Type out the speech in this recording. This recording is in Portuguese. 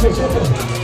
Fechou, fechou.